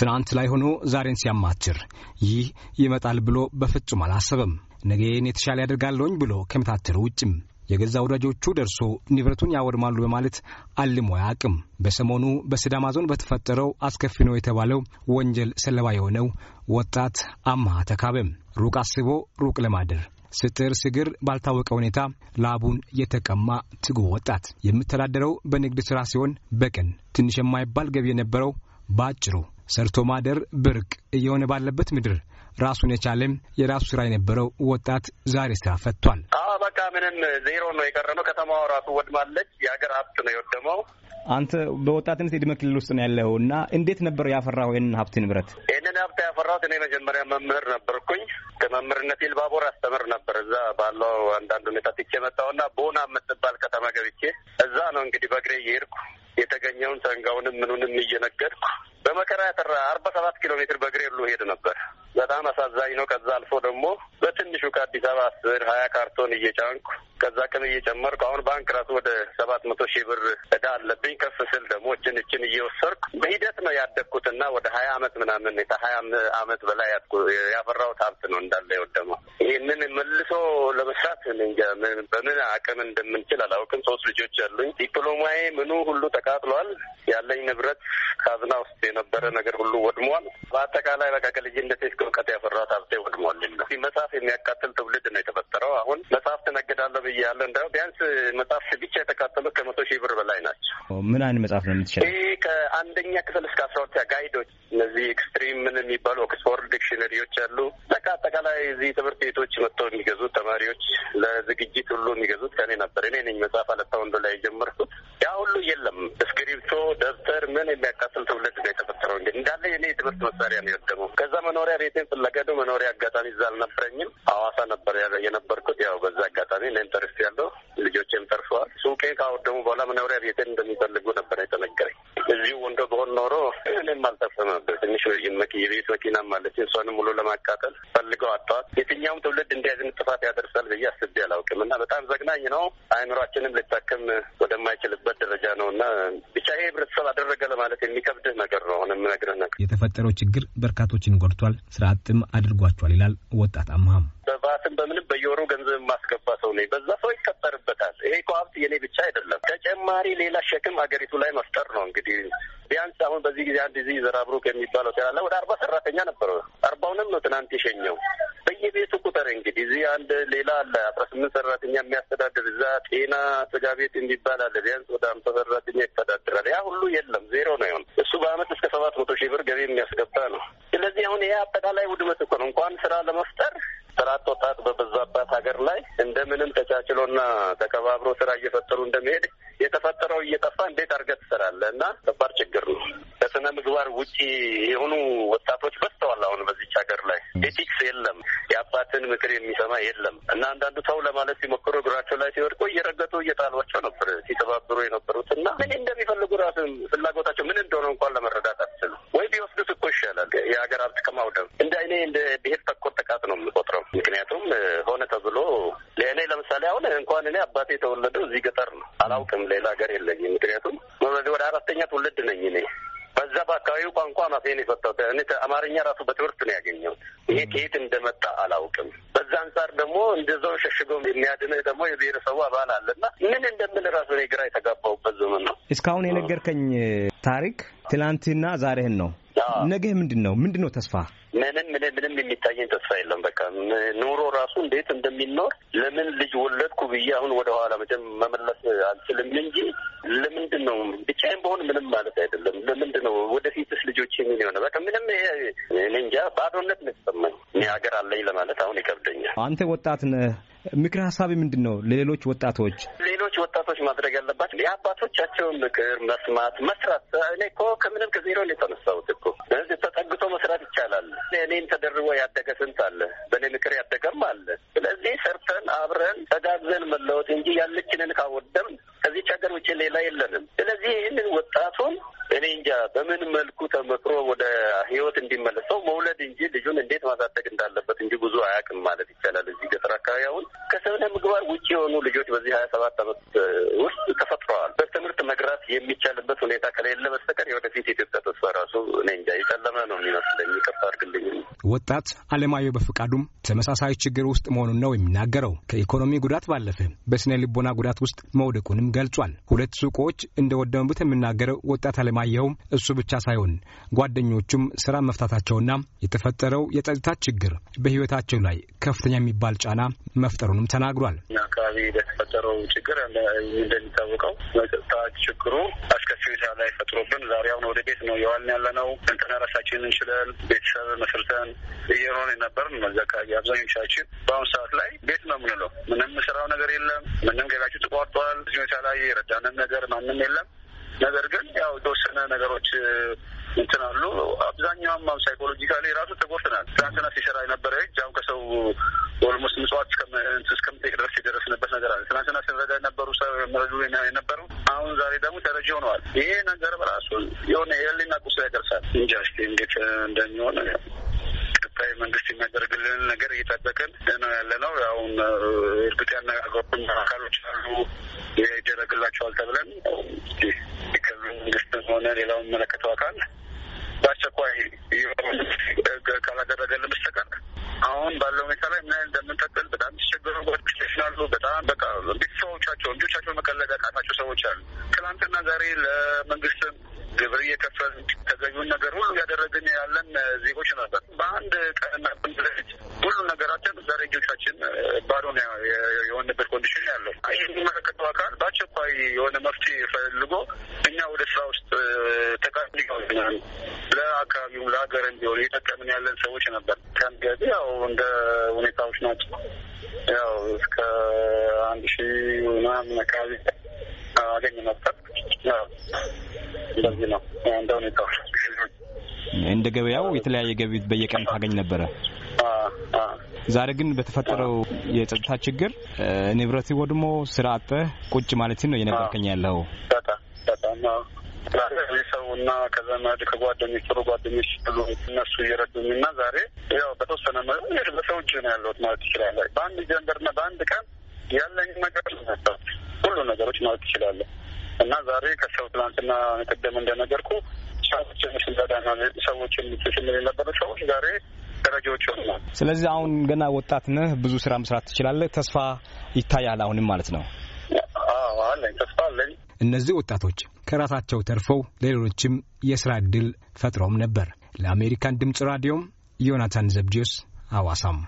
ትናንት ላይ ሆኖ ዛሬን ሲያማችር ይህ ይመጣል ብሎ በፍጹም አላሰበም። ነገን የተሻለ ያደርጋለሁኝ ብሎ ከመታተር ውጭም የገዛ ወዳጆቹ ደርሶ ንብረቱን ያወድማሉ በማለት አልሞ አያውቅም። በሰሞኑ በሲዳማ ዞን በተፈጠረው አስከፊ ነው የተባለው ወንጀል ሰለባ የሆነው ወጣት አማ ተካበም ሩቅ አስቦ ሩቅ ለማደር ስጥር ስግር ባልታወቀ ሁኔታ ላቡን የተቀማ ትጉ ወጣት የምተዳደረው በንግድ ሥራ ሲሆን በቀን ትንሽ የማይባል ገቢ የነበረው ባጭሩ ሰርቶ ማደር ብርቅ እየሆነ ባለበት ምድር ራሱን የቻለም የራሱ ስራ የነበረው ወጣት ዛሬ ስራ ፈቷል። በቃ ምንም ዜሮ ነው የቀረነው። ከተማዋ ራሱ ወድማለች። የሀገር ሀብት ነው የወደመው። አንተ በወጣትነት የዕድሜ ክልል ውስጥ ነው ያለው እና እንዴት ነበር ያፈራው ይህንን ሀብት ንብረት? ይህንን ሀብት ያፈራሁት እኔ መጀመሪያ መምህር ነበርኩኝ። ከመምህርነት ኢልባቦር አስተምር ነበር። እዛ ባለው አንዳንድ ሁኔታ ትቼ መጣሁና ቦና የምትባል ከተማ ገብቼ ነው እንግዲህ በእግሬ እየሄድኩ የተገኘውን ሰንጋውንም ምኑንም እየነገድኩ በመከራ ያተራ አርባ ሰባት ኪሎ ሜትር በእግሬ ሁሉ ሄድ ነበር። በጣም አሳዛኝ ነው። ከዛ አልፎ ደግሞ በትንሹ ከአዲስ አበባ አስር ሀያ ካርቶን እየጫንኩ ከዛ ቅም እየጨመርኩ አሁን ባንክ ራሱ ወደ ሰባት መቶ ሺህ ብር እዳ አለብኝ። ከፍ ስል ደግሞ እችን እችን እየወሰርኩ በሂደት ነው ያደግኩትና ወደ ሀያ አመት ምናምን ከሀያ አመት በላይ ያፈራሁት ሀብት ነው እንዳለ የወደመው። ይህንን መልሶ ለመስራት በምን አቅም እንደምንችል አላውቅም። ሶስት ልጆች ያሉኝ ዲፕሎማዬ ምኑ ሁሉ ተቃጥሏል። ያለኝ ንብረት ካዝና ውስጥ የነበረ ነገር ሁሉ ወድሟል። በአጠቃላይ በቃ ከልጅነት እውቀት ያፈራት ሀብቴ ወድሟልና ነው። መጽሐፍ የሚያቃጥል ትውልድ ነው የተፈጠረው። አሁን መጽሐፍ ትነግዳለህ ብያለሁ። እንዲያው ቢያንስ መጽሐፍ ብቻ የተቃጠሉት ከመቶ ሺህ ብር በላይ ናቸው። ምን አይነት መጽሐፍ ነው የምትሸጠው? ከአንደኛ ክፍል እስከ አስራ ሁለተኛ ጋይዶች እነዚህ ኤክስትሪም ምን የሚባሉ ኦክስፎርድ ዲክሽነሪዎች አሉ። በቃ አጠቃላይ እዚህ ትምህርት ቤቶች መጥተው የሚገዙት ተማሪዎች ለዝግጅት ሁሉ የሚገዙት ከኔ ነበር። እኔ ነኝ መጽሐፍ አለታ ወንዶ ላይ የጀመርኩት። ያ ሁሉ የለም። እስክሪብቶ፣ ደብተር ምን የሚያካስል ትውልድ ነው የተፈጠረው። እንግዲህ እንዳለ የኔ የትምህርት መሳሪያ ነው የወደመው። ከዛ መኖሪያ ቤቴን ፍለገዱ መኖሪያ አጋጣሚ እዛ አልነበረኝም። ሐዋሳ ነበር የነበርኩት። ያው በዛ አጋጣሚ እኔን ያለው ልጆቼም ተርፈዋል። ሱቄ ካወደሙ በኋላ መኖሪያ ቤቴን እንደሚፈልጉ ነበር የተነገረኝ። እዚሁ ወንዶ በሆን ኖሮ እኔም አልጠፈመበት ትንሽ የቤት መኪና ማለት እሷንም ሙሉ ለማቃጠል ፈልገው አጥተዋት። የትኛውም ትውልድ እንዲያዝን ጥፋት ያደርሳል ብዬ አስቤ አላውቅም እና በጣም ዘግናኝ ነው። አእምሯችንም ልታከም ወደማይችልበት ደረጃ ነው እና ብቻ ይሄ ህብረተሰብ አደረገ ለማለት የሚከብድ ነገር ነው። ሆነ የምነግርህ ነገር የተፈጠረው ችግር በርካቶችን ጎድቷል፣ ስራ አጥም አድርጓቸዋል ይላል ወጣት አማም። በባትም በምንም በየወሩ ገንዘብ ማስገባ ሰው ነኝ። በዛ ሰው ይቀጠርበታል። የኔ ብቻ አይደለም። ተጨማሪ ሌላ ሸክም ሀገሪቱ ላይ መፍጠር ነው እንግዲህ ቢያንስ አሁን በዚህ ጊዜ አንድ እዚህ ዘራብሩክ የሚባለው ሆቴል ወደ አርባ ሰራተኛ ነበረ። አርባውንም ነው ትናንት የሸኘው። በየቤቱ ቁጥር እንግዲህ እዚህ አንድ ሌላ አለ አስራ ስምንት ሰራተኛ የሚያስተዳድር እዛ ጤና ስጋ ቤት የሚባል አለ ቢያንስ ወደ አምሳ ሰራተኛ ይተዳድራል። ያ ሁሉ የለም ዜሮ ነው ይሆን እሱ በአመት እስከ ሰባት መቶ ሺህ ብር ገቢ የሚያስገባ ነው። ስለዚህ አሁን ይሄ አጠቃላይ ውድመት እኮ ነው እንኳን ስራ ለመፍጠር ስራ አጥ ወጣት በበዛ እንደምንም ተቻችሎና ተከባብሮ ስራ እየፈጠሩ እንደሚሄድ የተፈጠረው እየጠፋ እንዴት አድርገህ ትሰራለህ? እና ከባድ ችግር ነው። ከስነ ምግባር ውጪ የሆኑ ወጣቶች በስተዋል። አሁን በዚች ሀገር ላይ ኤቲክስ የለም። የአባትን ምክር የሚሰማ የለም። እና አንዳንዱ ሰው ለማለት ሲሞክሩ እግራቸው ላይ ሲወድቁ እየረገጡ እየጣሏቸው ነበር ሲተባብሩ የነበሩት እና ምን እንደሚፈልጉ ራሱ ፍላጎታቸው ምን እንደሆነ እንኳን ለመረዳት አትችሉ ወይ ቢወስዱት እኮ ይሻላል የሀገር ሀብት ከማውደም። እንደ አይኔ እንደ ብሄር ተኮር ጥቃት ነው የምቆጥረው። ምክንያቱም ሆነ እንኳን እኔ አባቴ የተወለደው እዚህ ገጠር ነው። አላውቅም፣ ሌላ ሀገር የለኝም። ምክንያቱም ወደ አራተኛ ትውልድ ነኝ እኔ በዛ በአካባቢው ቋንቋ ማፌን የፈጠው እኔ አማርኛ ራሱ በትምህርት ነው ያገኘው። ይሄ ከየት እንደመጣ አላውቅም። በዛ አንጻር ደግሞ እንደዛው ሸሽገው የሚያድነ ደግሞ የብሔረሰቡ አባል አለና ምን እንደምን ራሱ እኔ ግራ የተጋባሁበት ዘመን ነው። እስካሁን የነገርከኝ ታሪክ ትናንትና ዛሬህን ነው ነገህ ምንድን ነው? ምንድን ነው ተስፋ? ምንም ምንም ምንም የሚታየኝ ተስፋ የለም። በቃ ኑሮ ራሱ እንዴት እንደሚኖር ለምን ልጅ ወለድኩ ብዬ አሁን ወደኋላ መቼም መመለስ አልችልም እንጂ ለምንድን ነው ብቻዬን በሆን ምንም ማለት አይደለም። ለምንድን ነው ወደፊትስ ልጆች የሚን የሆነ በቃ ምንም እንጃ ባዶነት ነው የተሰማኝ። እኔ ሀገር አለኝ ለማለት አሁን ይከብደኛል። አንተ ወጣት ነህ፣ ምክር ሀሳቢ ምንድን ነው ለሌሎች ወጣቶች ሌሎች ወጣ አባቶች ማድረግ ያለባቸው የአባቶቻቸውን ምክር መስማት፣ መስራት። እኔ እኮ ከምንም ከዜሮ ነው የተነሳሁት እኮ ስለዚህ ተጠግቶ መስራት ይቻላል። እኔም ተደርቦ ያደገ ስንት አለ፣ በእኔ ምክር ያደገም አለ። ስለዚህ ሰርተን አብረን ተጋግዘን መለወጥ እንጂ ያለችንን ካወደም ከዚች ሀገር ውጭ ሌላ የለንም። ስለዚህ ይህንን ወጣቱን እኔ እንጃ በምን መልኩ ተመክሮ ወደ ህይወት እንዲመለሰው መውለድ እንጂ ልጁን እንዴት ማሳደግ እንዳለበት እንጂ ብዙ አያውቅም ማለት ይቻላል። እዚህ ገጠር አካባቢ አሁን ከስነ ምግባር ውጭ የሆኑ ልጆች በዚህ ሀያ ሰባት አመት ውስጥ ተፈጥረዋል። በትምህርት መግራት የሚቻልበት ሁኔታ ከሌለ በስተቀር የወደፊት የኢትዮጵያ ተስፋ ራሱ እኔ እንጃ የጨለመ ነው የሚመስለኝ። ይቅርታ አድርግልኝ። ወጣት አለማየሁ በፍቃዱም ተመሳሳይ ችግር ውስጥ መሆኑን ነው የሚናገረው። ከኢኮኖሚ ጉዳት ባለፈ በስነ ልቦና ጉዳት ውስጥ መውደቁንም ገልጿል። ሁለት ሱቆች እንደወደመበት የሚናገረው ወጣት አለማየሁም እሱ ብቻ ሳይሆን ጓደኞቹም ስራ መፍታታቸውና የተፈጠረው የጸጥታ ችግር በህይወታቸው ላይ ከፍተኛ የሚባል ጫና መፍጠሩንም ተናግሯል። አካባቢ ለተፈጠረው ችግር እንደሚታወቀው ጸጥታ ችግሩ አስከፊ ሁኔታ ላይ ፈጥሮብን ዛሬ አሁን ወደ ቤት ነው የዋልን ያለ ነው እንተና ራሳችንን እንችለን ቤተሰብ መስርተን እየኖር ነበር። አብዛኞቻችን በአሁኑ ሰዓት ላይ ቤት ነው የምንለው። ምንም ስራው ነገር የለም። ምንም ገቢያቸው ተቋርጧል። እዚህ ሁኔታ ላይ የረዳንም ነገር ማንም የለም። ነገር ግን ያው የተወሰነ ነገሮች እንትን አሉ። አብዛኛውም ሳይኮሎጂካሊ ራሱ ተጎድተናል። ትናንትና ሲሰራ የነበረ እጅ አሁን ከሰው ኦልሞስት ምጽዋት እስከምጠይቅ ድረስ የደረስንበት ነገር አለ። ትናንትና ስንረዳ የነበሩ ሰው መረዱ የነበሩ አሁን ዛሬ ደግሞ ተረጂ ሆነዋል። ይሄ በእርግጥ ያነጋገሩን አካሎች አሉ። ይደረግላቸዋል ተብለን መንግስት ሆነ ሌላው የሚመለከተው አካል በአስቸኳይ ካላደረገልን በስተቀር አሁን ባለው ሁኔታ ላይ ምን ያህል እንደምንጠቅል በጣም ሲቸገሩ ጓደኞች አሉ። በጣም በቃ ቤተሰቦቻቸው ልጆቻቸው መቀለጋ ያቃታቸው ሰዎች አሉ። ትላንትና ዛሬ ለመንግስትም ግብር እየከፈል ተገቢውን ነገር ሁሉ እያደረግን ያለን ዜጎች ነበር። በአንድ ቀንና ሁሉ ነገራችን ዛሬ እጆቻችን ባዶ የሆነበት ኮንዲሽን ያለው። ይህ የሚመለከተው አካል በአስቸኳይ የሆነ መፍትሄ ፈልጎ እኛ ወደ ስራ ውስጥ ተቃሚ ለአካባቢውም ለሀገር እንዲሆን እየጠቀምን ያለን ሰዎች ነበር። ከንገዚ ያው እንደ ሁኔታዎች ናቸው። ያው እስከ አንድ ሺህ ምናምን አካባቢ አገኝ ነበር። እንደዚህ ነው እንደ ሁኔታዎች እንደ ገበያው የተለያየ ገቢ በየቀን ታገኝ ነበረ። ዛሬ ግን በተፈጠረው የጸጥታ ችግር ንብረት ወድሞ ስራ አጠ ቁጭ ማለት ነው እየነገርከኝ ያለው ሰውና ከዘመድ ከጓደኞች ጥሩ ጓደኞች ብሎ እነሱ እየረዱኝ እና ዛሬ ያው በተወሰነ መ በሰው እጅ ነው ያለሁት ማለት ትችላለህ። በአንድ ጀንበር እና በአንድ ቀን ያለኝ ነገር ነበር ሁሉ ነገሮች ማለት ትችላለህ። እና ዛሬ ከሰው ትላንትና ቅድም እንደነገርኩ ሰዎች ሰዎችን ነበረ ሰዎች ዛሬ ደረጃዎች አሉ። ስለዚህ አሁን ገና ወጣት ነህ፣ ብዙ ስራ መስራት ትችላለህ። ተስፋ ይታያል አሁንም ማለት ነው። አለኝ ተስፋ አለኝ። እነዚህ ወጣቶች ከራሳቸው ተርፈው ለሌሎችም የስራ እድል ፈጥረውም ነበር። ለአሜሪካን ድምፅ ራዲዮም ዮናታን ዘብዲዮስ አዋሳም